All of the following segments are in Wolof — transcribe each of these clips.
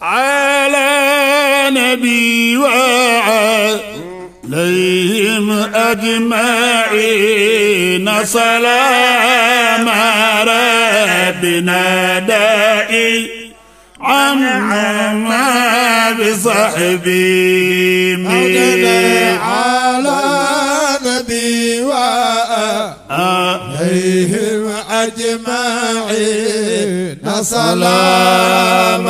على نبي وعليهم أجمعين سلام ربنا دائي عما بصحبي على نبي وعليهم أجمعين سلام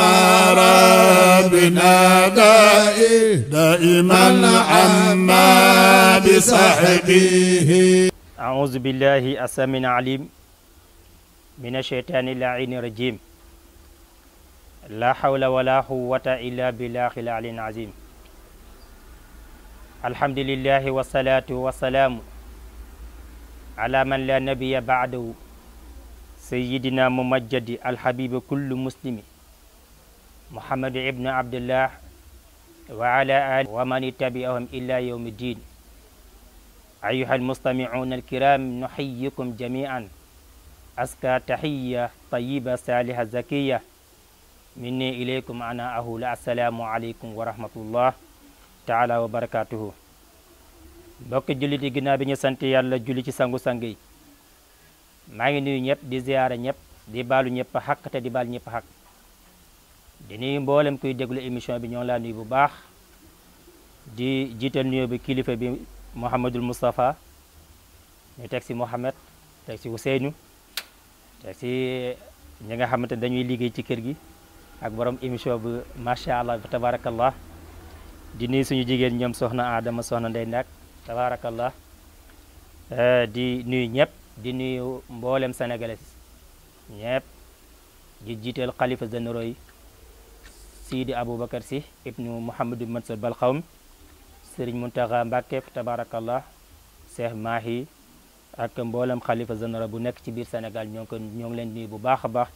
ربنا دائما عما بصحبه أعوذ بالله السميع العليم من الشيطان اللعين الرجيم لا حول ولا قوة إلا بالله العلي العظيم الحمد لله والصلاة والسلام على من لا نبي بعده sayidina mumajjadi alxabiba kullu muslimi muhammadu ibnu abdillah wa ala ali wa man tabi'ahum ila yawmi din ayuha almustami'una alkiram nuhayyikum jami'an aska tahiya tayiba saliha zakiya minni ilaykum ana ahula assalaamu aleykum wa rahmatullah taala wa barakatuhu mbokk jullit yi ginnaaw bi ñu sant yàlla julli ci sangu-sang yi maa ngi nuyu ñëpp di ziyaara ñëpp di baalu ñëpp a te di baal ñëpp a xàq mboolem kuy déglu émission bi ñoo ngi laa nuyu bu baax di jiital nuyu bi kilifa bi Mouhamadul Moustapha ñu teg si Mouhamed teg si Ousseynou teg si ñi nga xamante ne dañuy liggéey ci kër gi ak borom émission bi macha allah tabaarakallah di nuyu suñu jigéen ñoom soxna Adama soxna Ndeye Ndak tabaarakallah eh, di nuyu ñëpp. di nuyu mboolem sénégalais ñépp di jiital xalifa généraux yi Sidi Aboubacar si ibnu Mouhamadou Mansour Bal Xawm Serigne Mountakha Mbacké tabarakallah Cheikh Mahi ak mboolem xalifa généraux bu nekk ci biir senegal ñoo ngi leen nuyu bu baax a baax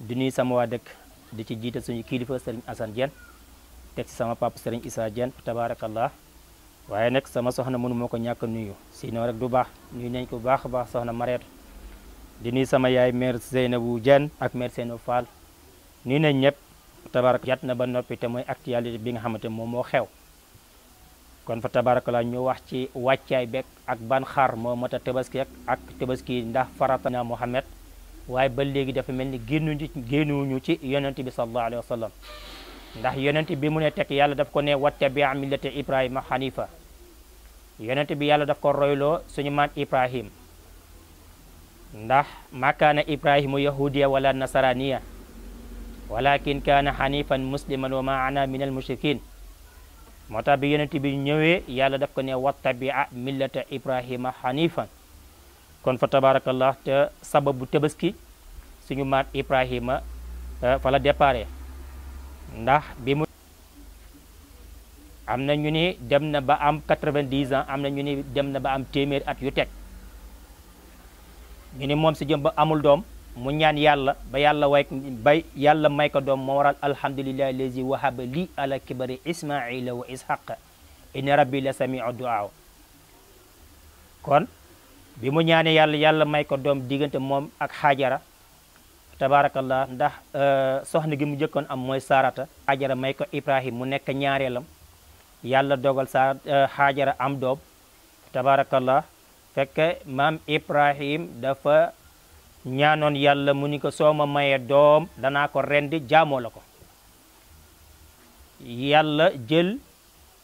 di nuyu sama waa dëkk di ci jiital suñu kilifa Serigne Assane Diène teg ci sama papa Serigne Issa Diène tabarakallah waaye nag sama soxna mënu moo ko ñàkk nuyu sinon rek du baax nuyu nañ ko bu baax a baax soxna Mareet di nuyu sama yaay mère Seynabou Dieng ak mère Seynabou Fall nuyu nañ ñëpp tabarak yat na ba noppi te mooy actualité bi nga xamante moom moo xew kon fa tabaraka la ñu wax ci wàccaay beeg ak ban xar moo mat a tabaski ak tabaski ndax farata na Muhammad waaye ba léegi dafa mel ni génnuñu génnuñu ci yonent bi sallallahu alayhi ndax yonent bi mu ne teg yàlla yonent bi yàlla daf ko royloo suñu maam ibrahim ndax ma kaana ibrahimu yahudiya wala nasaraniya walakin kaana xanifan musliman wa ma ana min al mushrikin moo tax bi yonent bi ñëwee yàlla daf ko ne wattabia millata ibrahima xanifan kon fa tabarakallah te sababu tabaski suñu maam ibrahima eh, fa la ndax bi mu am na ñu ni dem na ba am 90 ans am na ñu ni dem na ba am téeméeri at yu teg ñu ni moom si jëm ba amul doom mu ñaan yàlla ba yàlla way bay yàlla may ko doom moo waral alhamdulillahi lazi wahaba li ala kibari ismaila wa ishaq inna rabbi la samiu duaa kon bi mu ñaanee yàlla yàlla may ko doom diggante moom ak xaajara tabaarakallah ndax euh, soxna gi mu njëkkoon am mooy sarata xaajara may ko ibrahim mu nekk ñaareelam yàlla dogal sa eh, xaajara am doom tabaarakallah fekk maam ibrahim dafa ñaanoon yàlla mu ni ko soo ma maye doom dana ko rendi jaamoo la ko yàlla jël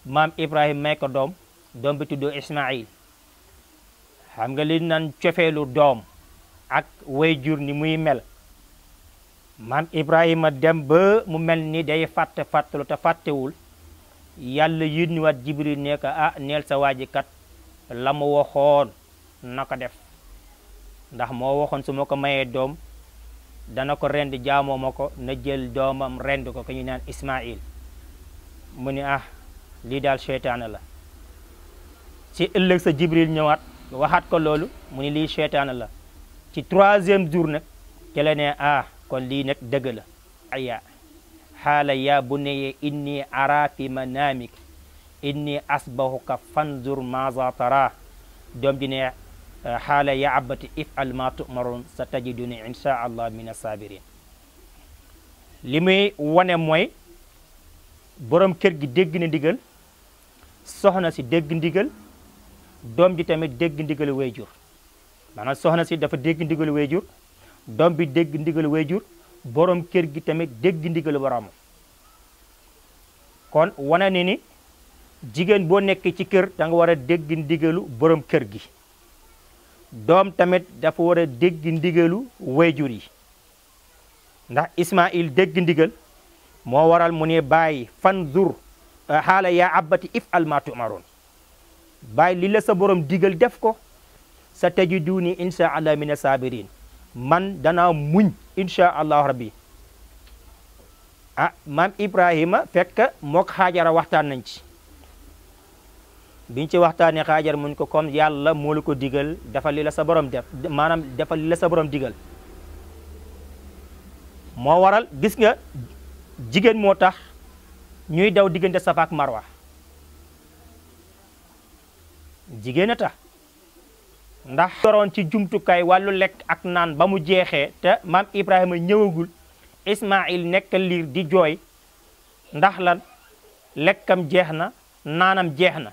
maam ibrahim may ko doom doom bi tuddoo ismail xam nga li nan cofeelu doom ak way jur ni muy mel maam ibrahima dem ba mu mel ni day fàtte fàttelu fàttewul yàlla yónniwaat jibril ne a ah neel sa waaji kat la mu waxoon na ko def ndax moo waxoon su ma ko mayee doom dana ko rend jaamoo ma ko na jël doomam rend ko ku ñu naan Ismail mu ni ah lii daal seytaane la ci ëllëg sa jibril ñëwaat waxaat ko loolu mu ni lii seytaane la ci troisième jour nag ci la ne ah kon lii nag dëgg la qaala yaa bunayya inni araa fi manaamik inni asbahuka fanzur maaza tara doom ji ne eh, xaala ya abati ifal ma tumaroon sa tajiduni insha allah min asaabirin li muy wane mooy borom kër gi dégg ndigal soxna si dégg ndigal doom ji tamit dégg ndigal wayjur maanaam si dafa dégg ndigal doom bi dégg ndigal wayjur boroom kër gi tamit dégg ndigalu boroomam kon wane ne ni jigéen boo nekkee ci kër da nga war a dégg ndigalu boroom kër gi doom tamit dafa war a dégg ndigalu wayjur yi ndax Ismaïl dégg ndigal moo waral mu ne bàyyi fan zur xaala eh, yaa abbati if al ma tumaroon bàyyi li sa borom digal def ko sa teju tajiduni insha allah mina sabirin man danaa muñ incha allahu rabbi ah maam ibrahima fekk mook xaajara waxtaan nañ ci biñ ci waxtaanee xaajar muñ ko comme yàlla moo la ko diggal dafa li la sa borom def maanaam dafa li la sa borom digal moo waral gis nga jigéen moo tax ñuy daw diggante safa ak marwa jigéen a tax ndax soroon ci jumtukaay wàllu lekk ak naan ba mu jeexee te maam Ibrahima ñëwagul Ismail nekk liir di jooy ndax lan lekkam jeex na naanam jeex na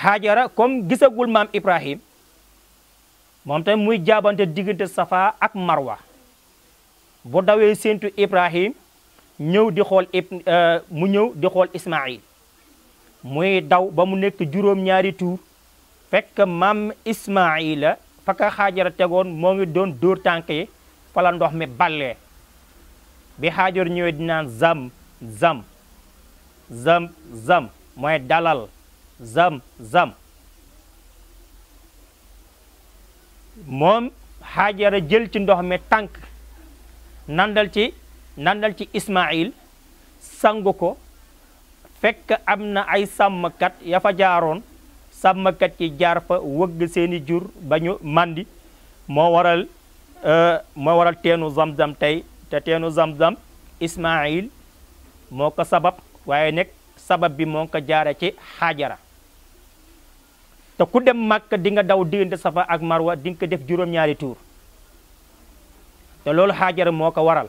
xaajara kom gisagul maam Ibrahim moom tamit muy jaabante diggante Safa ak Marwa bu dawee séentu Ibrahim ñëw di xool euh, mu ñëw di xool Ismail muy daw ba mu nekk juróom-ñaari tuur fekk maam Ismaila faka xaajara tegoon moo ngi doon dóor tànk yi fala ndox mi ballee bi xaajar ñëwee dinaan zam zam zam zam mooy dalal zam zam moom xaajara jël ci ndox mi tànk nandal ci nandal ci Ismail sangu ko fekk am na ay sàmmkat ya fa jaaroon sàmmkat yi jaar fa wëgg seeni jur ba ñu màndi moo waral euh, moo waral teenu zam-zam tey te teenu zam-zam Ismaayil moo ko sabab waaye nekk sabab bi moo ko jaare ci xaajara te ku dem màkk di nga daw diggante safa ak marwa di nga ko def juróom-ñaari tuur te loolu xaajara moo ko waral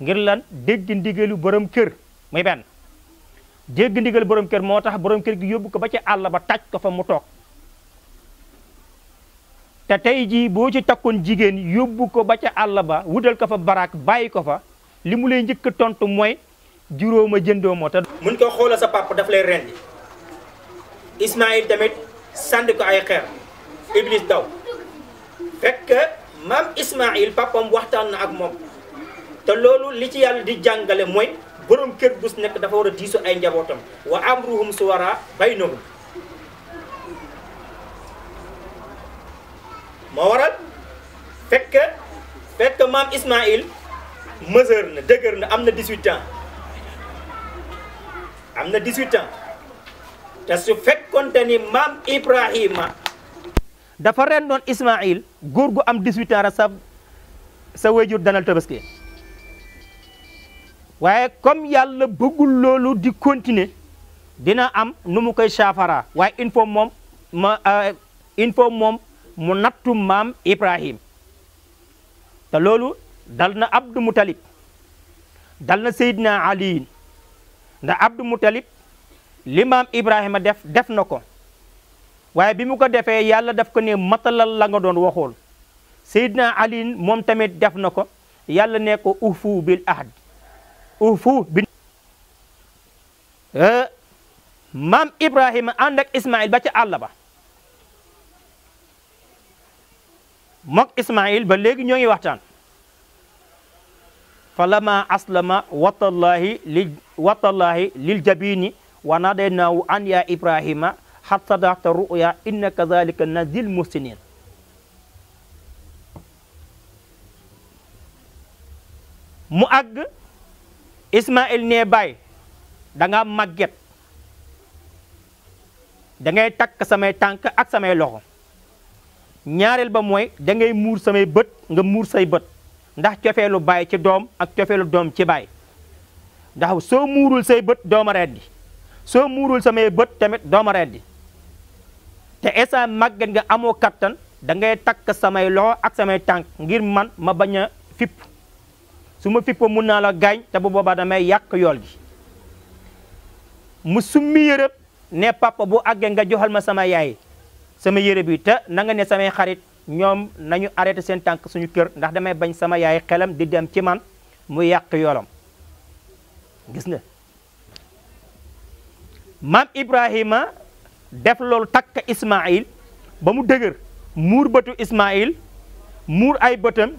ngir lan dégg ndigalu borom kër muy benn dégg ndigal borom kër moo tax borom kër gi yóbbu ko ba ca àll ba taaj ko fa mu toog te tey jii boo ci takkoon jigéen yóbbu ko ba ca àll ba wutal ko fa baraak bàyyi ko fa li mu lay njëkk a tontu mooy juróoma jëndoo moo te muñ ko xoola sa pàpp daf lay rendi Ismaïl tamit sànni ko ay xeer Iblis daw fekk maam Ismaïl papam waxtaan na ak moom te loolu li ci yàlla di jàngale mooy borom kër gus nekk dafa war a diisu ay njabootam wa amruhum suwara baynahum moo waral fekk fekk maam Ismaïl mesure na dëgër na am na 18 ans am na 18 ans te su fekkonte ni maam Ibrahima dafa ren doon Ismaïl góor gu am 18 ans rek sa sa danal tabaski waaye comme yàlla bëggul loolu di continuer dina am nu mu koy saafara waaye il moom ma euh, moom mu nattu maam Ibrahim te loolu dal na Abdou Moutalib dal na Seydina Ali ndax Abdou Moutalib li maam Ibrahima def def na ko waaye bi mu ko defee yàlla def ko ne matalal la nga doon waxool Seydina Ali moom tamit def na ko yàlla ne ko ufu bil ahd ufu bi eh, maam Ibrahima ànd ak ba ca àll ba mook ba léegi ñoo ngi waxtaan fa lama aslama watallaahi li watallaahi lil jabini wa nadaynaahu an ya Ibrahima xat sadaqta ruya inna kadalika nazil muhsinin mu àgg Ismaël ne baay danga nga màgget da takk samay tànk ak samay loxo ñaareel ba mooy dangay muur samay bët nga muur say bët ndax cofeelu baay ci doom ak cofeelu doom ci baay ndax soo muurul say bët dooma reddi soo muurul samay bët tamit dooma reddi te esa màgget nga amoo kattan dangay ngay takk samay loxo ak samay tànk ngir man ma bañ a fipp su ma fippoo mun naa la gaañ te bu boobaa damay yàq yool gi mu summi yërëb ne papa bu àggee nga joxal ma sama yaay sama yërëb yi te nanga ne samay xarit ñoom nañu arrêté seen tànk suñu kër ndax damay bañ sama yaay xelam di dem ci man mu yàq yoolam gis nga maam Ibrahima def loolu takk Ismail ba mu dëgër muur bëtu Ismail muur ay bëtam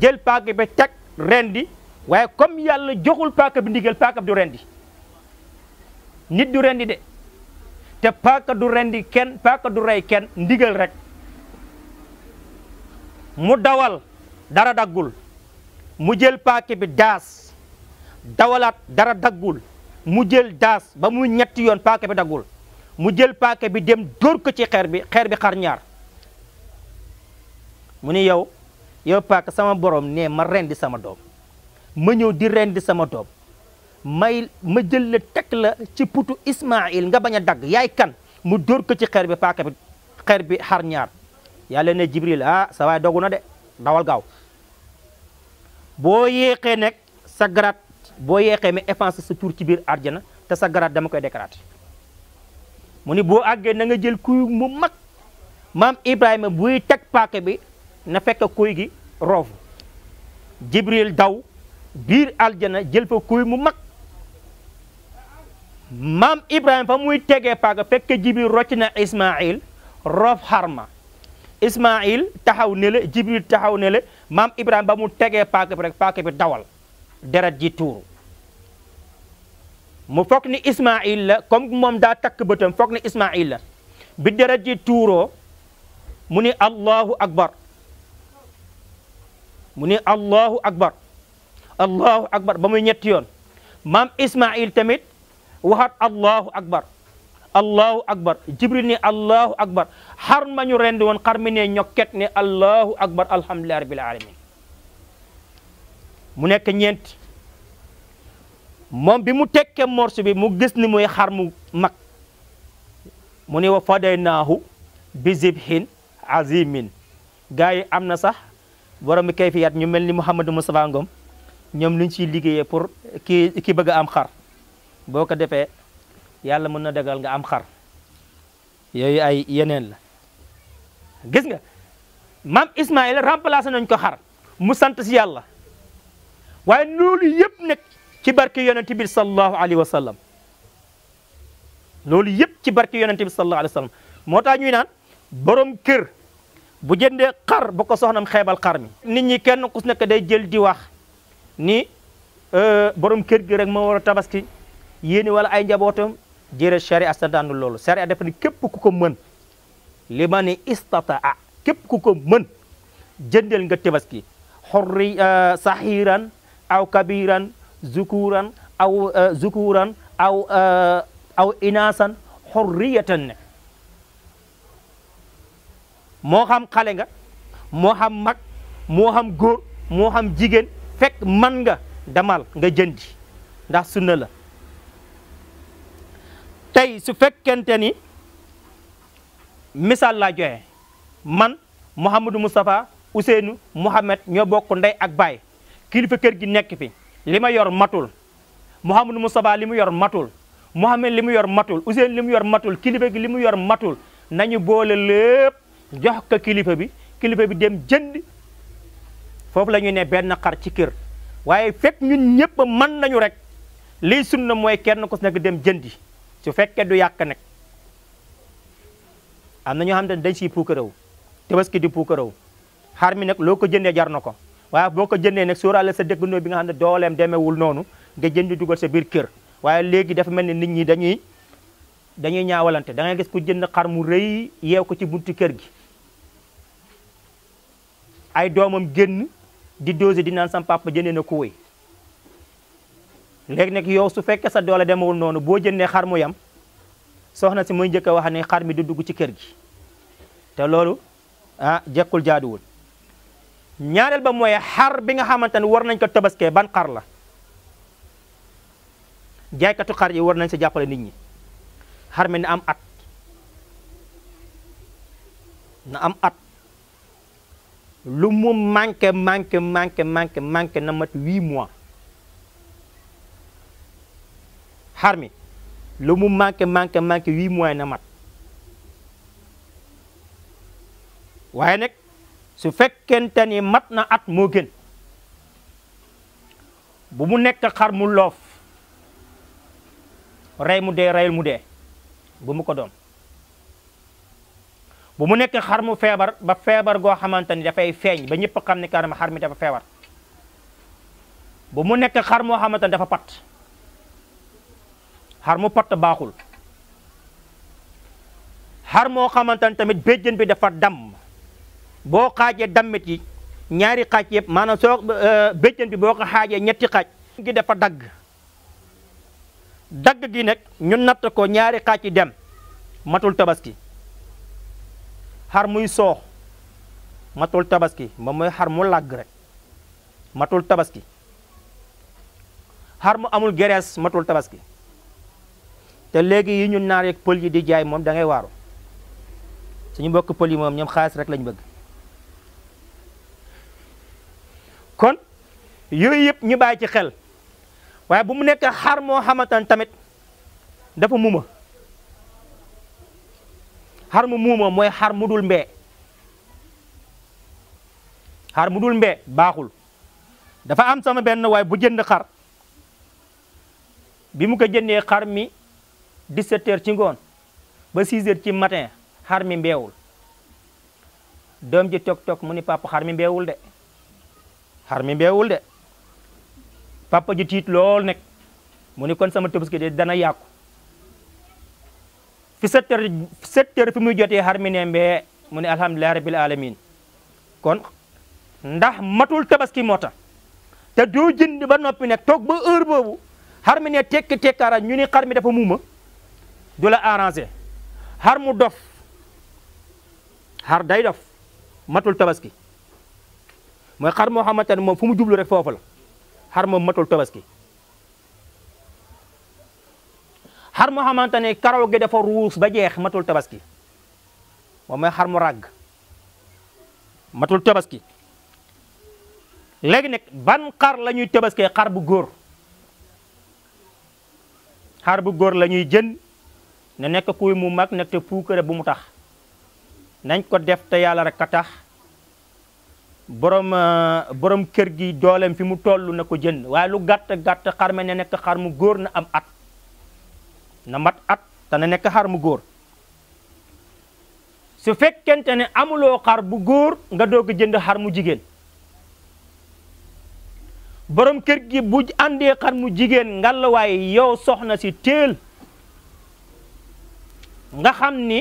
jël paag bi teg rendi waaye comme yàlla joxul paaka bi ndigal paaka bi du rendi nit du rendi de te paaka du rendi kenn paaka du rey kenn ndigal rek mu dawal dara daggul mu jël paaka bi daas dawalaat dara daggul mu jël daas ba mu ñetti yoon paaka bi daggul mu jël paaka bi dem dóor ko ci xeer bi xeer bi xar ñaar mu ni yow yow paaka sama boroom ne ma rendi sama doom ma ñëw di rendi sama doom may ma jël la teg la ci putu Ismaïl nga bañ a dagg yaay kan mu dóor ko ci xeer bi paaka bi xeer bi xar ñaar yàlla ne Jibril ah sa waay dogu na de dawal gaaw boo yéexee nekk sa garaat boo yeexee mais effacé sa tuur ci biir àjjana te sa garaat dama koy déclaré mu ni boo àggee na nga jël kuy mu mag maam Ibrahima buy teg paaka bi na fekk kuy gi roofu jibril daw biir aljana jël kuy mu mag maam ibrahim fa muy tegee paaga fekk jibril rocc ismail roof xarma ismail taxaw ne la jibril taxaw ne maam ibrahima ba mu tegee paaka bi rek paaka bi dawal deret ji tuuru mu foog ni ismail la comme moom daa takk bëtam foog ni ismail la bi deret ji tuuroo mu ni allahu akbar mu ne allahu akbar allahu akbar ba muy ñetti yoon maam ismail tamit waxaat allahu akbar allahu akbar jibril allahu akbar xar ma ñu rendi woon xar mi ne ñokket ne allahu akbar alhamdulillahi rabbil alamin mu nekk ñeent moom bi mu tekkee morceau bi mu gis ni muy xar mu mag mu ne wa fadaynaahu bi zibhin azimin gars yi am na sax borom kayfiyaat ñu mel ni Mouhamadou Moustapha Ngom ñoom luñ ciy liggéeyee pour ki ki bëgg am xar boo ko defee yàlla mën na dagal nga am xar yooyu ay yeneen la gis nga maam Ismaïla remplacé nañ ko xar mu sant si yàlla waaye loolu yëpp nag ci barke yonent bi sallallahu alayhi wa sallam loolu yëpp ci barke yonent bi sallallahu alayhi moo tax ñuy naan borom kër bu jëndee xar bu ko soxna soxnam xeebal kar mi nit ñi kenn ku nekk day jël di wax ni euh, borom kër gi rek moo war a tabaski yéeni wala ay njabootam jëre charia santaanu loolu charia dafa ni képp ku ko mën li ma ni istataa képp ku ko mën jëndeel nga tabaski xorri euh, saxiiran aw kabiran zukuran aw euh, zukuran aw aw inaasan xorriyatan ne moo xam xale nga moo xam mag moo xam góor moo xam jigéen fekk man nga demal nga jëndi ndax sunna la tey su fekkente ni misaal la joxe man Mouhamadou Moustapha Ousseynou Mouhamed ñoo bokk ndey ak baay kilifa kër gi nekk fi li ma yor matul Mouhamadou Moustapha li mu yor matul Mouhamed li mu yor matul Ousseynou li mu yor matul kilifa gi li mu yor matul nañu boole lépp jox ko kilifa bi kilifa bi dem jënd foofu la ñuy ne benn xar ci kër waaye fekk ñun ñëpp man nañu rek liy sunna mooy kenn ku si nekk dem jëndi su fekkee du yàq nag am na ñoo xam ne dañ siy puukaraw tabaski di puukaraw xar mi nag loo ko jëndee jar na ko waaye boo ko jëndee nag sóoraale sa dëkkandoo bi nga xam ne dooleem demeewul noonu nga jëndi dugal sa biir kër waaye léegi dafa mel ni nit ñi dañuy dañuy ñaawalante da ngay gis ku jënd xar mu rëy yeew ko ci buntu kër gi ay doomam génn di dose di naan sam papa jëndee na kuwe léegi nag yow su fekkee sa doole dem demewul noonu boo jëndee xar mu yam soxna si mooy njëkk a wax ne xar mi du dugg ci kër gi te loolu ah jekkul jaaduwul ñaareel ba mooy xar bi nga xamante ne war nañ ko tabaskee ban xar la jaaykatu xar yi war nañ si jàppale nit ñi xar mi na am at na am at lu mu manqué manqué manqué manqué manqué na mat huit mois xar mi lu mu manqué manqué manqué huit mois na mat waaye nag su fekkente ni mat na at moo gën bu mu nekk xar mu loof rey mu dee reyul mu dee bu mu ko doon ba mu nekkee xar mu feebar ba feebar goo xamante ni dafay feeñ ba ñëpp xam ne kanam xar mi dafa feebar ba mu nekk xar moo xamante dafa pat xar mu pat baaxul xar moo xamante ni tamit béjjën bi dafa damm boo xaajee dammit yi ñaari xaaj yëpp maanaam soo euh, bi boo ko xaajee ñetti xaaj gi dafa dagg dagg gi nag ñu natt ko ñaari xaaj yi dem matul tabaski xar muy soox matul tabaski moom mooy xar mu làgg rek matul tabaski xar mu amul gerees matul tabaski te léegi yi ñu naar yeeg pël yi di jaay moom da ngay waaru ñu mbokk pël yi moom ñoom xaalis rek lañu bëgg kon yooyu yëpp ñu bàyyi ci xel waaye bu mu nekk xar moo xamante ne tamit dafa muma xar mu muuma mooy xar mu dul mbee xar mudul dul mbee baaxul dafa am sama benn waay bu jënd xar bi mu ko jëndee xar mi 17 heures ci ngoon ba 6 heures ci matin xar mi mbeewul doom ji toog toog mu ni papa xar mi mbeewul de xar mi mbeewul de papa ji tiit lool nekk mu ni kon sama tabaski de dana yàqu ci sept heures sept heures fi muy jotee xar mi ne mbee mu ne alhamdulilah rabil alamin kon ndax matul tabaski moo tax te doo jënd ba noppi nag toog ba heure boobu xar mi ne tekki tekkaara ñu ni xar mi dafa muuma du la arrangé xar mu dof xar day dof matul tabaski mooy xar moo xamante ne moom fu mu jublu rek foofu la xar moom matul tabaski xar mu xamante ne karaw gi dafa ruus ba jeex matul tabaski moom mooy xar mu ràgg matul tabaski léegi nag ban xar la ñuy tabaskee xar bu góor xar bu góor la ñuy jën ne nekk kuy mu mag nekk te puukare bu mu tax nañ ko def te yàlla rek a tax borom euh, borom kër gi dooleem fi mu toll ne ko jënd waaye lu gàtt gàtt xar me ne nekk xar mu góor na am at na mat at te nekk xar mu góor su fekkente ne amuloo xar bu góor nga doog jënd xar mu jigéen borom kër gi bu àndee xar mu jigéen ngalawaay yow soxna si teel nga xam ni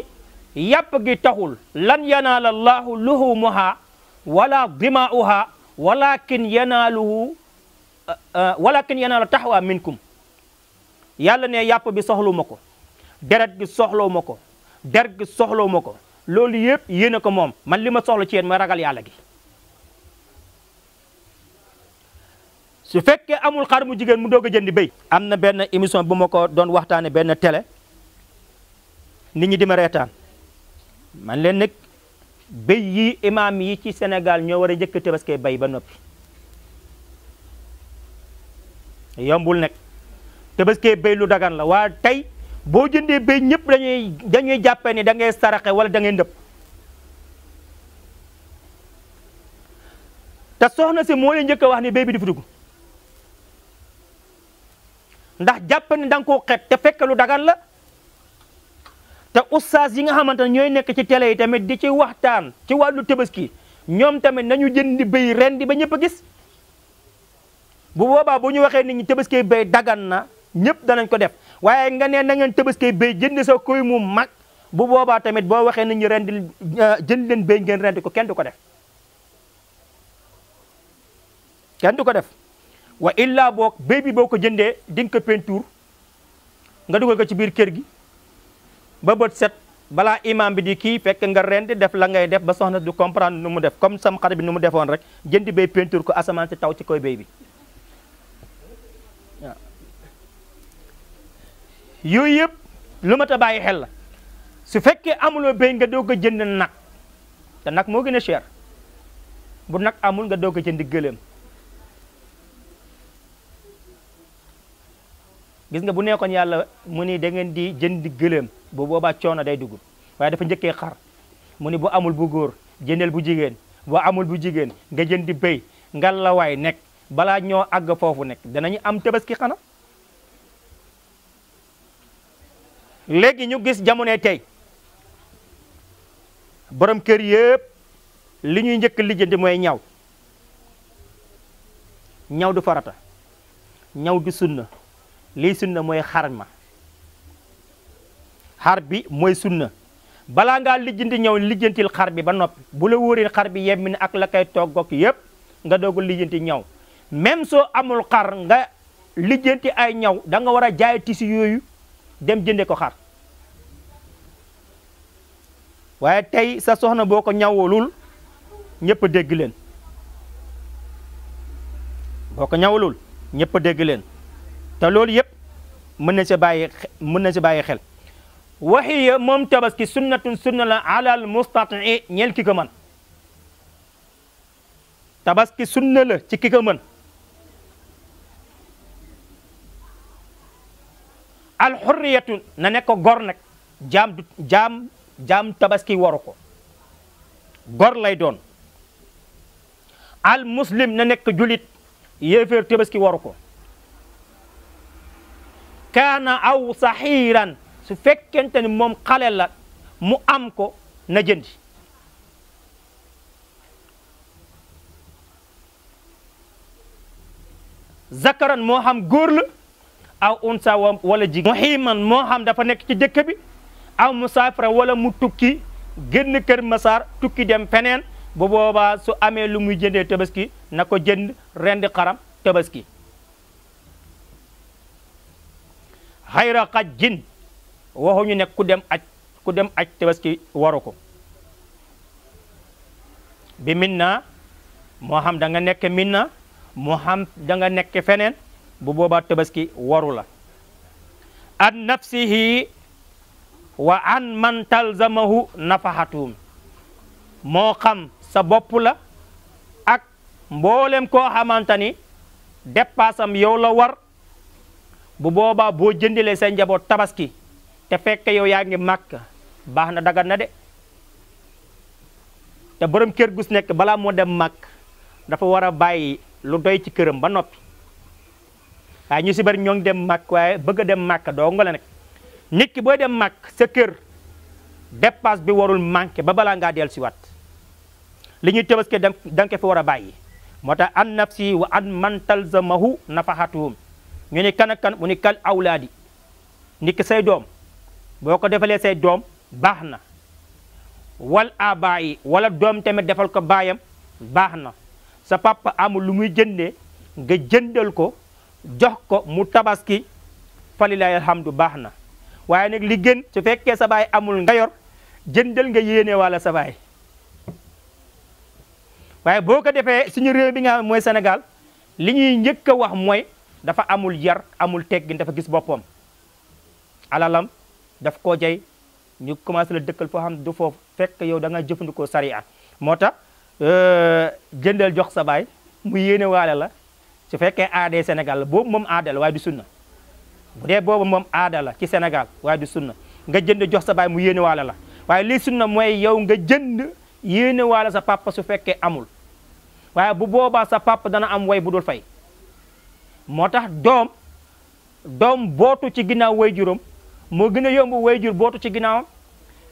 yàpp gi taxul lan yanaala allahu luhumuha wala dimaa'uha walakin yanaaluhu eh, eh, walakin yanaalu taxwa minkum yàlla ne yàpp bi soxlu ma ko deret gi soxloo ma ko der gi soxloo ma ko loolu yëpp yéen a ko moom man li ma soxla ci yéen mooy ragal yàlla gi su fekkee amul xar mu jigéen mu doog a jëndi béy am na benn émission bu ma ko doon waxtaane benn tele nit ñi di reetaan man leen nag béy yii imaam yi ci senegal ñoo war a njëkk a tabaskee bay ba noppi yombul nag tabaskee béy lu dagan la waa tey boo jëndee béy ñëpp dañuy dañuy jàppee ni da ngay saraxe wala da ngay ndëpp te soxna si moo njëkk wax ni béy bi dafa ndax jàpp ni da nga koo xet te fekk lu dagan la te ustaas yi nga xamante ne ñooy nekk ci télé yi tamit di ci waxtaan ci wàllu tabaski ñoom tamit nañu jënd béy ren di ba ñëpp gis bu boobaa bu ñu waxee ni ñi tabaskee béy dagan na ñépp danañ ko def waaye nga ne na ngeen tabaskee béy jënd sa koy mu mag bu boobaa tamit boo waxee nit ñi rendi euh, jënd leen bey ngeen rendi ko kenn du ko def kenn du ko def wa illaa boo béy bi boo ko jëndee di nga ko peinture nga dugal ko ci biir kër gi ba bët set balaa imaam bi di kii fekk nga rendi def la ngay def ba soxna du comprendre nu mu def comme sam xarit bi nu mu defoon rek jënd béy peinture ko asamaan si taw ci koy béy bi yooyu yëpp lu mat a bàyyi xel la su fekkee amuloo béy nga doog a jënd nag te nag moo gën a cher bu nag amul nga doog a jënd gëléem gis nga bu nekkoon yàlla mu ni da ngeen di jënd gëléem bu boobaa coono day dugg waaye dafa njëkkee xar mu ni bu amul bu góor jëndeel bu jigéen bu amul bu jigéen nga jënd béy nga la waay nekk balaa ñoo àgg foofu nekk danañu am tabaski kana léegi ñu gis jamonoy tey borom kër yëpp li ñuy njëkk lijjanti mooy ñaw ñaw du farata ñaw di sunna lii sunna mooy xar ma xar bi mooy sunna balaa ngaa lijjanti ñaw lijjantil xar bi ba noppi bu la wóoree xar bi yem ni ak la koy toggook yëpp nga doog a lijjanti ñaw même soo amul xar nga lijjanti ay ñaw danga war a jaay tisi yooyu dem jënde ko xar waaye tey sa soxna boo ko ñawulul ñëpp dégg leen boo ko ñawulul ñëpp dégg leen te loolu yëpp mën na si bàyyi mën na si bàyyi xel waxiya moom tabaski sunnatun sunna la alal mustatii ñeel ki ko mën tabaski sunna la ci ki mën alxurriyatu na nekk gor nag jaam tabaski waru ko gor lay doon al muslim na nekk julit yéeféer tabaski waru ko kaana aw saxiiran su fekkente moom xale mu am ko na jëndi zakaran moo xam góor aw unsa wala jigéen muhiman moo xam dafa nekk ci dëkk bi aw musaafira wala mu tukki génn kër masaar tukki dem peneen bu boobaa su amee lu muy jëndee tabaski na ko jënd rend karam tabaski xayra xaj jin waxuñu ne ku dem aj ku dem aj tabaski waru ko bi min moo xam da nga nekk min moo xam da nga nekk feneen bu boobaa tabaski waru la an nafsihi wa an man talzamahu nafahatum moo xam sa bopp la ak mboolem koo xamante ni dépassam yow la war bu boobaa boo jëndilee sa njaboot tabaski te fekk yow yaa ngi màkk baax na dagan na de te borom kër gus nekk balaa moo dem màkk dafa war a bàyyi lu doy ci këram ba noppi waaye ñu si bari ñoo ngi dem màkk waaye bëgg dem màkk doo nga la nag nit booy dem màkk sa kër dépasse bi warul manqué ba balaa ngaa dellu si waat li ñuy tëbaske da ko fi war a bàyyi moo tax an nafsi wa an man talzamahu nafahatuhum ñu ne kan ak kan mu ni say doom boo ko defalee say doom baax na wal abaa yi wala doom tamit defal ko baayam baax na sa papa amul lu muy jëndee nga jëndal ko jox ko mu tabaski falilaay alhamdu baax na waaye nag li gën su fekkee sa baay amul ngayor yor jëndal nga yéene wala sa baay waaye boo ko defee suñu réew bi nga xam mooy senegal li ñuy njëkk a wax mooy dafa amul yar amul teggin dafa gis boppam alalam daf koo jay ñu commencer la dëkkal foo xam du foofu fekk yow da nga jëfandikoo sariya moo tax euh, jëndal jox sa baay mu yéene waale la su fekkee aadee Sénégal la boobu moom aada la waaye du sunna bu dee boobu moom aada la ci Sénégal waaye du sunna nga jënd jox sa baay mu yéene waale la waaye lii sunna mooy yow nga jënd yéene waale sa papa su fekkee amul waaye bu boobaa sa papa dana am way bu dul fay moo tax doom doom bootu ci ginaaw way juróom moo gën a yomb way jur bootu ci ginaaw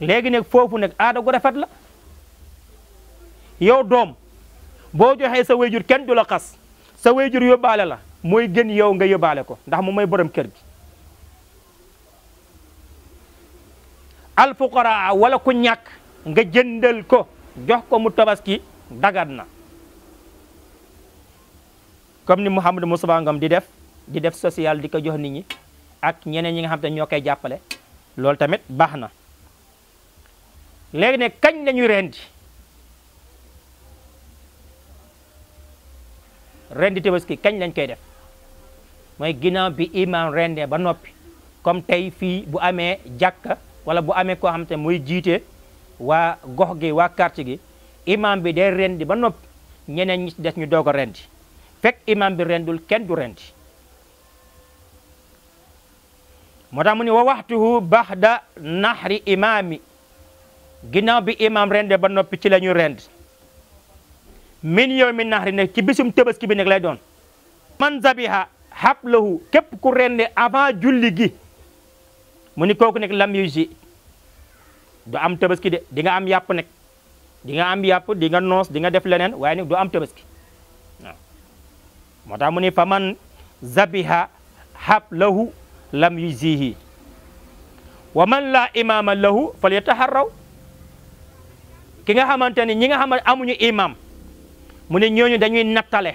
léegi nag foofu nekk aada gu rafet la yow doom boo joxee sa way jur kenn du la xas sa wayjur yóbbaale la mooy gën yow nga yóbbaale ko ndax mu mooy borom kër gi alfuqaraa walla ku ñàkk nga jëndal ko jox ko mu tabaski dagat na comme ni mu Mouhamadou Moussa Ngom di def di def social di ko jox ni ñi ak ñeneen ñi nga xam te ñoo koy jàppale loolu tamit baax na léegi ne kañ lañuy rendi rendi tabaski kañ lañ koy def mooy ginaaw bi imaam rendee ba noppi comme tey fii bu amee jàkka wala bu amee koo xam te muy jiite waa gox gi waa quartier gi imaam bi day rendi ba noppi ñeneen ñi des ñu doog a rendi fekk imaam bi rendul kenn du rendi moo tax mu ne wa waxtuhu baxda naxri imaami ginnaaw bi imaam rende ba noppi ci la ñu rend min yawmi nahri nekk ci bisum tëbaski bi nekk lay doon man zabiha hablahu képp ku rende avant julli gi mu ni kooku nekk lam yusi du am tëbaski de di nga am yàpp nekk di nga am yàpp di nga noos di nga def leneen waaye nag du am tëbaski ki moo tax mu ni fa man zabiha hablahu lam yusihi wa man laa imaama lahu fal raw ki nga xamante ni ñi nga xamante amuñu imam mu ne ñooñu dañuy nattale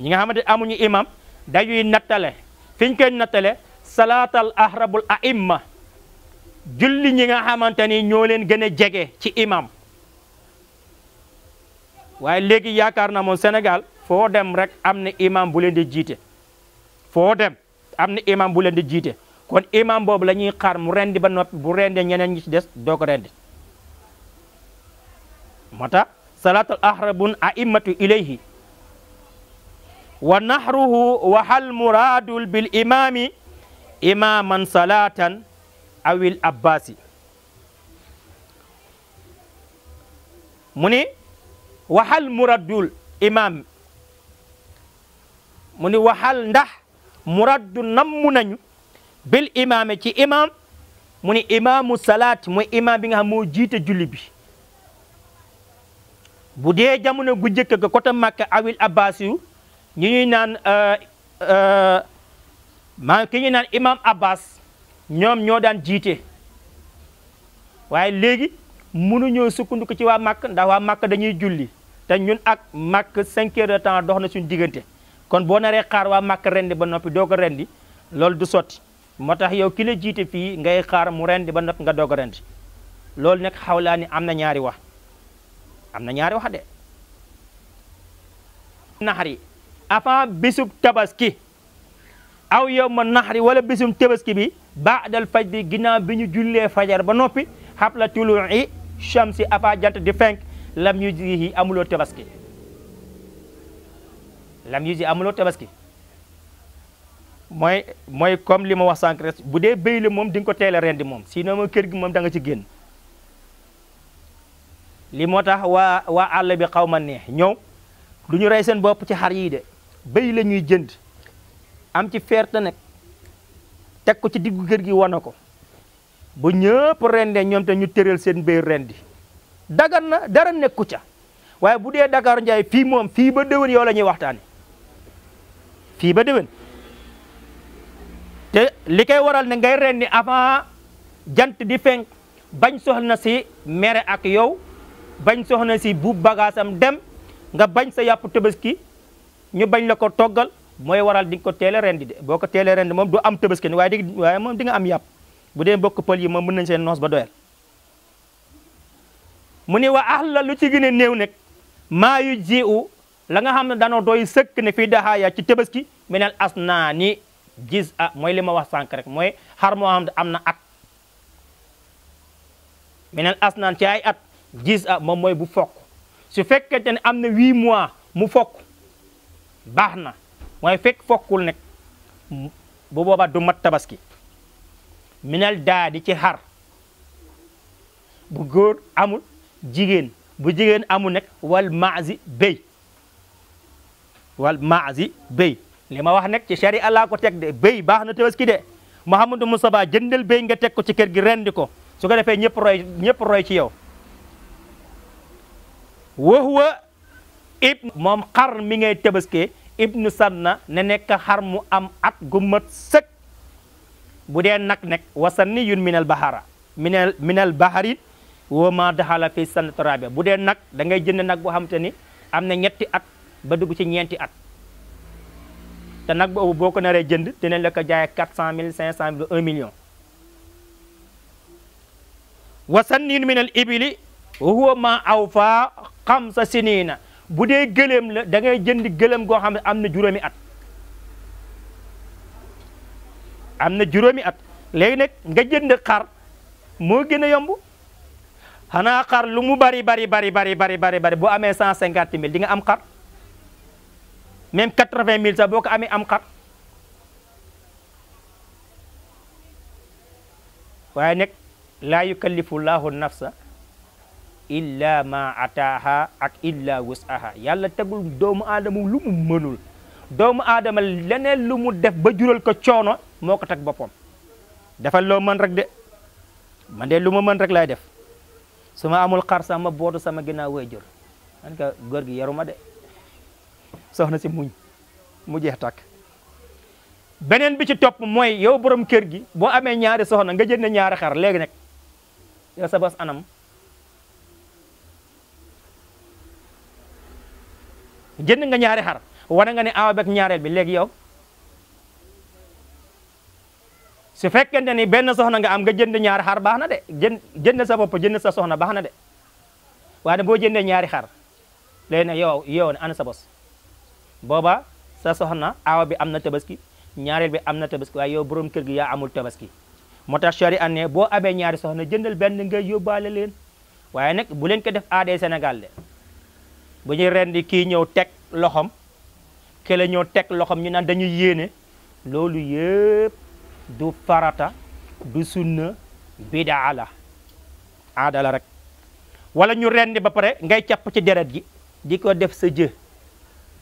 ñi nga xamante amuñu imam dañuy nattale fi ñu nattale salaatal ahrabul aimma julli ñi nga xamante ni ñoo leen gën jege ci imam waaye léegi yaakaar na moom senegal foo dem rek am na imam bu leen di jiite foo dem am na imam bu leen di jiite kon imam boobu la ñuy xaar mu rendi ba noppi bu rendee ñeneen ñi ci des doo ko rendi moo tax salaatul ahrabun a'immatu ilayhi wa nahruhu wa hal muraadul bil imaami imaaman salaatan awil abbaasi mu ni waxal muradul imaam mu ni waxal ndax muraddu nammu nañu bil imaame ci imaam mu ni imaamu salaat mooy imaam bi nga xam moo jiite julli bi bu dee jamono gu njëkk ga côté Makka awil abbas yu ñu ñuy naan euh, euh, maa ki ñuy naan imam abbas ñoom ñoo daan jiite waaye léegi mënuñoo sukkandiku ci waa Makka ndax waa Makka dañuy julli te ñun ak Makka cinq heures de temps dox na suñu diggante kon boo naree xaar waa Makka rendi ba noppi doog rendi loolu du sotti moo tax yow ki la jiite fii ngay xaar mu rendi ba noppi nga doog a rendi loolu nag xawlaa ni am na ñaari wax am na ñaari wax de naxari avant bisub tabaski aw yow ma naxari wala bisum tabaski bi baadal faj bi ginnaaw bi ñu jullee fajar ba noppi xabla tului shamsi avant jant di la lam yu ji amuloo tabaski la yu ji amuloo tabaski mooy mooy comme li ma wax sànq bu dee béy la moom di nga ko teel a rendi moom si moom kër gi moom da nga ci génn li moo tax waa waa àll bi xaw ma nee ñëw du ñu rey seen bopp ci xar yii de béy la ñuy jënd am ci ferte nag teg ko ci diggu gër gi wana ko bu ñëpp rendee ñoom te ñu tëral seen béy rendi dagan na dara nekku ca waaye bu dee Dakar Ndiaye fii moom fii ba déwén yow la ñuy waxtaane fii ba déwén te li koy waral ne ngay rendi avant jant di fenk bañ soxla na si mere ak yow bañ soxna si buub bagaasam dem nga bañ sa yàpp tabaski ñu bañ la ko toggal mooy waral di nga ko teel a rendi de boo ko teel a rendi moom du am tabaski waaye di waaye moom di am yàpp bu dee mbokk pël yi moom mën nañ seen noos ba doyal mu ni wa ax la lu ci gën a néew nag maa yu ji u la nga xam ne dañoo doy sëkk ne fii daxaaya ci tabaski meneel as naa ni gis ah mooy li ma wax sànq rek mooy xar moo xam ne am na at meneel as naan ci ay at gis ah moom mooy bu fokk su fekkente ne am na huit mois mu fokk baax na waaye fekk fokkul nag bo boobaa du mat tabaski minal daa di ci xar bu góor amul jigéen bu jigéen amul nag wal maazi béy wal maazi béy li ma wax nag ci sharia laa ko teg de béy baax na tabaski de Mouhamadou Moustapha jëndal béy nga teg ko ci kër gi rendi ko su ko defee ñëpp roy ñëpp roy ci yow waxwa ibn moom xar mi ngay tëbaskee ibnu sanna ne nekk xar mu am at gu mat sëkk bu dee nag nekk wasanni yun minal bahara minal minal baharit wa ma daxala fi sanata rabia bu dee nag da ngay jënd nag boo xam te ni am na ñetti at ba dugg ci ñeenti at te nag boobu boo ko naree jënd dinañ la ko jaayee quatre cent mille cinq cent mille un million wasanni yun minal ibili huwa ma aw faa kam sa siniina bu dee gëléem la da ngay jënd gëléem goo xam ne am na juróomi at am na juróomi at léegi nag nga jënd xar moo gën a yomb xanaa xar lu mu bari bari bari bari bari bari bari boo amee cent cinquante mille dinga am xar même quatre vingt mille sax boo ko amee am xar waaye nag laa yukallifu llahu nafsa illa ma ataaha ak illa wasaha yàlla tegul doomu aadama lu mu doomu aadama leneen lu mu def ba jural ko coono moo ko teg boppam defal loo man rek de man de lu ma mën rek laay def su ma amul xar sama bootu sama ginnaaw way jur man ka góor gi yaruma de soxna si muñ mu jeex takk beneen bi ci topp mooy yow borom kër gi boo amee ñaari soxna nga jënd ñaari xar léegi nag yow sa bos anam jënd nga ñaari xar wane nga ne aaw beeg ñaareel bi léegi yow su fekkente ni benn soxna nga am nga jënd ñaari xar baax na de jënd jënd sa bopp jënd sa soxna baax na de waaye boo jëndee ñaari xar léegi nag yow yow ne ana sa bos booba sa soxna aaw bi am na tabaski ñaareel bi am na tabaski waaye yow borom kër gi yaa amul tabaski moo tax chari an ne boo abee ñaari soxna jëndal benn nga yóbbaale leen waaye nag bu leen ko def aadee Sénégal de bu ñuy rendi kii ñëw teg loxom kële ñëw teg loxom ñu naan dañuy yéene loolu yëpp du farata du sunna bidaa la aada la rek wala ñu rendi ba pare ngay capp ci deret gi di ko def sa jë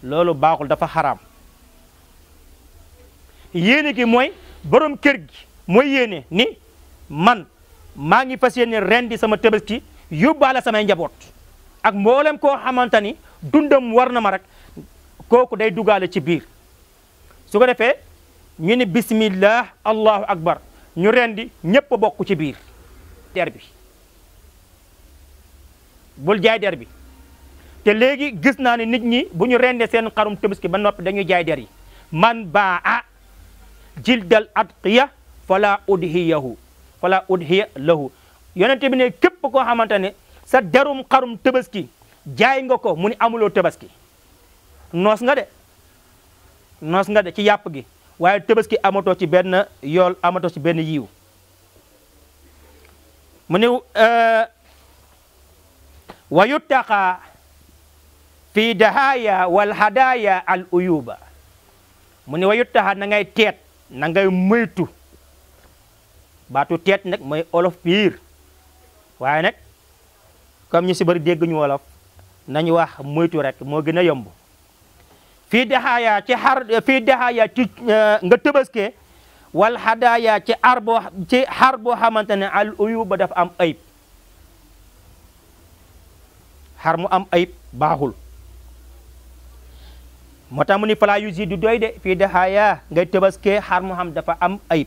loolu baaxul dafa xaram yéene gi mooy borom kër gi mooy yéene ni man maa ngi fas yéene rendi sama tabaski yóbbaale samay njaboot ak mboolem koo xamante ni dundam war na ma rek kooku day dugaale ci biir su ko defee ñu ni bismillah allahu akbar ñu rendi ñépp a bokk ci biir der bi bul jaay der bi te léegi gis naa ne nit ñi bu ñu rendee seen xarum tabaski ba noppi dañuy jaay der man baa a jildal adqiya fala udhiyahu fala udhiya lahu yonente bi ne képp koo xamante ne sa derum karum tabaski jaay nga ko mu ni amuloo tabaski noos nga de noos nga de ci yàpp gi waaye tabaski amatoo ci benn yool amatoo ci benn yiw mu ni euh, wa yuttaqa fi dahaya wal hadaya al uyuba mu ni wa yuttaqa na ngay teet na ngay moytu baatu teet nag mooy olof piir waaye nag comme ñu si bëri dégguñu wolof nañu wax moytu rek moo gën a yomb fii dexaayaa ci xar fii euh, nga tëbaske wal xadaaya ci ar boo ci xar boo xamante ne al uyu ba dafa am ayib xar mu am ayib baaxul moo tax mu ni fala yu si du doy de fii dexaaya ngay tëbaske xar mu dafa am ayib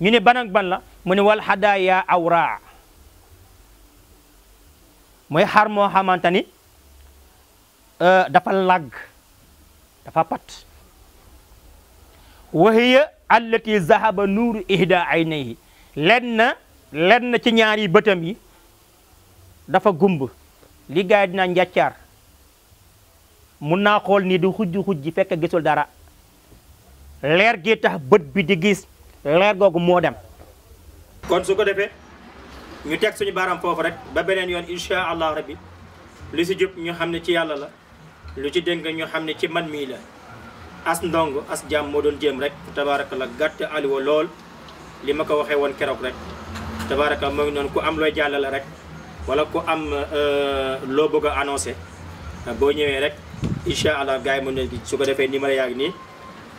ñu ne ban la mu ne wal xadaaya awraa mooy xar moo xamante ni euh, dafa làgg dafa pat wa hiya allati zahaba nuuru ihda aynayhi lenn lenn ci ñaari bëtam yi dafa gumb li gars dina njàccaar mun naa xool nii di xujj xujj fekk gisul dara leer gi tax bët bi di gis leer googu moo dem kon su ko defee ñu teg suñu baaraam foofu rek ba beneen yoon incha allah rabbi lu si jub ñu xam ne ci yàlla la lu ci dëng ñu xam ne ci man mii la as ndong as jàmm moo doon jëm rek tabaraka la gàtt aliwa lool li ma ko waxee woon keroog rek tabaraka moo ngi noonu ku am looy jàllale rek wala ku am euh, loo bëgg annoncé boo ñëwee rek incha allah gars yi mën su ko defee numéro yaa ngi nii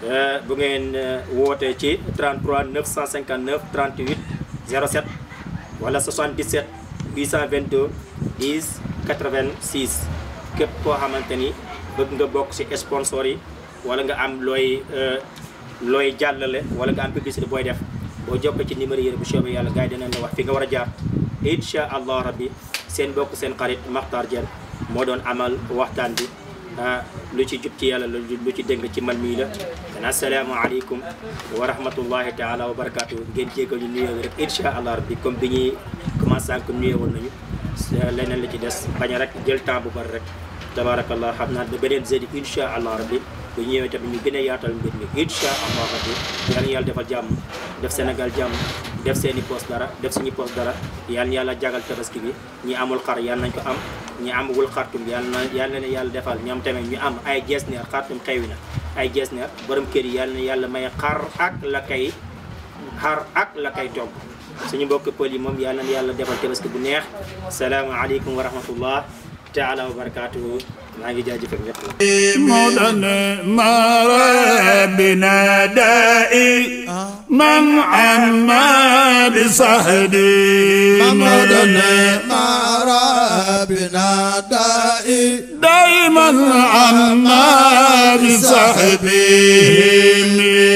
euh, bu ngeen euh, wootee ci 33 959 38 07 wala 77 822 10 86 képp koo xamante ni bëgg nga bokk ci sponsor yi wala nga am looy euh, looy jàllale wala nga am publicité booy def boo jokkoo ci numéro yi bu soobee yàlla gars yi dinañ la wax fi nga war a jaar incha allah rabbi seen bokk seen xarit Makhtar Diène moo doon amal waxtaan bi lu ci jub ci yàlla lu ci dëng ci man mii la kon asalaamu aleykum wa rahmatullahi taala wa barakaatu ngeen jégal ñu nuyoo bi rek incha allah rabbi comme bi ñuy commencé ak nuyoo woon nañu leneen la ci des bañ a rek jël temps bu bari rek tabaarakallah xam naa ba beneen jeudi incha allah rabbi bu ñëwee tamit ñu gën a yaatal mbir mi incha allah rabbi yal na yàlla defal jàmm def senegal jàmm def seeni poste dara def suñu poste dara yal na yàlla jagal tabaski bi ñi amul xar nañ ko am ñu amagul xartum yàlla yàlla na yàlla defal ñoom tamit ñu am ay jesneer xartum xewi na ay jesneer borom kër yi yàlla na yàlla may xar ak la kay xar ak la kay togg suñu mbokk pël yi moom yàlla na yàlla defal tabaski bu neex salaamaaleykum wa rahmatullah taala wa barakatuhu maa ngi jaajëfal ñëpp nag مولانا مر بنا دائي من عما بصهدي مولانا مر بنا دائي دائما عما بصحبه